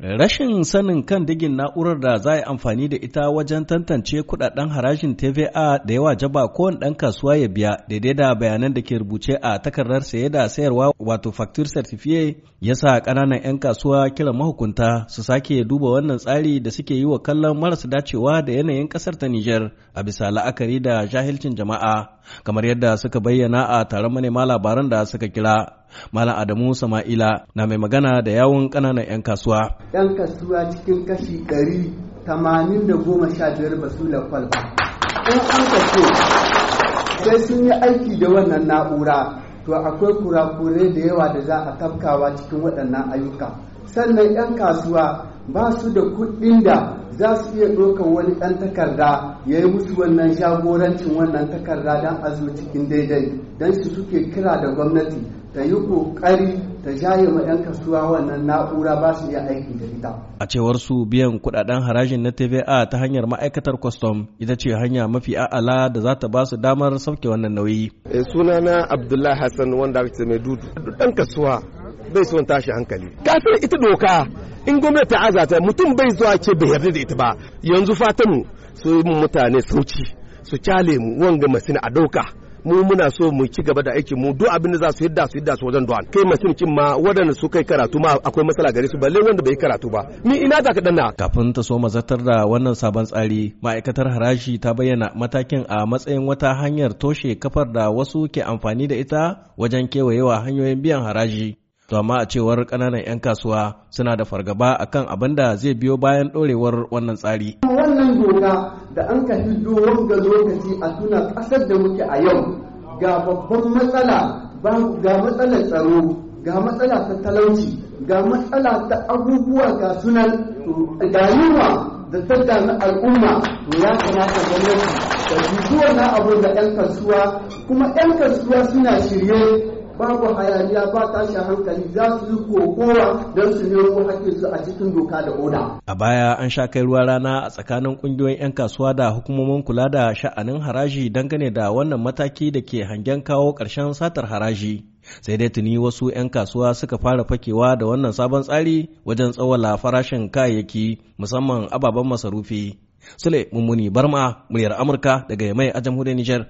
Rashin sanin kan digin na'urar da za a yi amfani da ita wajen tantance kudaden harajin TVA da yawa jaba kowane ɗan kasuwa ya biya daidai da bayanan da ke rubuce a takardar saye da sayarwa wato facture certificate ya sa ƙananan 'yan kasuwa kiran mahukunta su sake duba wannan tsari da suke yi wa kallon marasa dacewa da yanayin ƙasar ta Nijar a bisa la'akari da jahilcin jama'a kamar yadda suka bayyana a taron manema labaran da suka kira. Malam Adamu Sama'ila na mai magana da yawon ƙananan 'yan kasuwa. 'Yan kasuwa cikin kashi ɗari tamanin da goma sha biyar ba su lakwal ba. In an ce sai sun yi aiki da wannan na'ura to akwai kurakurai da yawa da za a tafkawa cikin waɗannan ayyuka. Sannan 'yan kasuwa ba su da kuɗin da za su iya ɗaukar wani ɗan takarda ya yi musu wannan jagorancin wannan takarda don a zo cikin daidai don su suke kira da gwamnati ta yi ƙoƙari ta jaye ma 'yan kasuwa wannan na'ura ba su iya aiki da ita. A cewar su biyan kuɗaɗen harajin na TVA ta hanyar ma'aikatar kwastam ita ce hanya mafi a'ala da za ta ba su damar sauke wannan nauyi. E, sunana Abdullahi Hassan wanda ake mai dudu. Ɗan kasuwa bai son tashi hankali. Kafin ita doka in gwamnati ta azata mutum bai zuwa ce bai yarda da ita ba yanzu fatanmu su yi mutane sauci su kyale mu wanga masina a ɗauka. mu muna so mu ci gaba da aikin mu duk abin da za su yadda su yadda su wajen duwan kai masu kin ma waɗanda su kai karatu ma akwai matsala gare su balle wanda bai karatu ba ni ina da kaɗan na. kafin ta so mazatar da wannan sabon tsari ma'aikatar haraji ta bayyana matakin a matsayin wata hanyar toshe kafar da wasu ke amfani da ita wajen kewayewa hanyoyin biyan haraji. To amma a cewar ƙananan 'yan kasuwa suna da fargaba akan abin da zai biyo bayan ɗorewar wannan tsari. Wannan doka da an ka hiddo wanga lokaci a tuna ƙasar da muke a yau ga babban matsala ga matsalar tsaro ga matsala ta talauci ga matsala ta abubuwa ga sunan ga da tattara na al'umma to ya kamata gwamnati da jituwa na abin da 'yan kasuwa kuma 'yan kasuwa suna shirye babu hayaniya ba tashin hankali za su yi kokowa don su nemo su a cikin doka da oda. A baya an sha kai ruwa rana a tsakanin kungiyoyin 'yan kasuwa da hukumomin kula da sha'anin haraji dangane da wannan mataki da ke hangen kawo ƙarshen satar haraji. Sai dai tuni wasu 'yan kasuwa suka fara fakewa da wannan sabon tsari wajen tsawala farashin kayayyaki musamman ababen masarufi. Sule Mummuni Barma, muryar Amurka daga Yamai a jamhuriyar Nijar.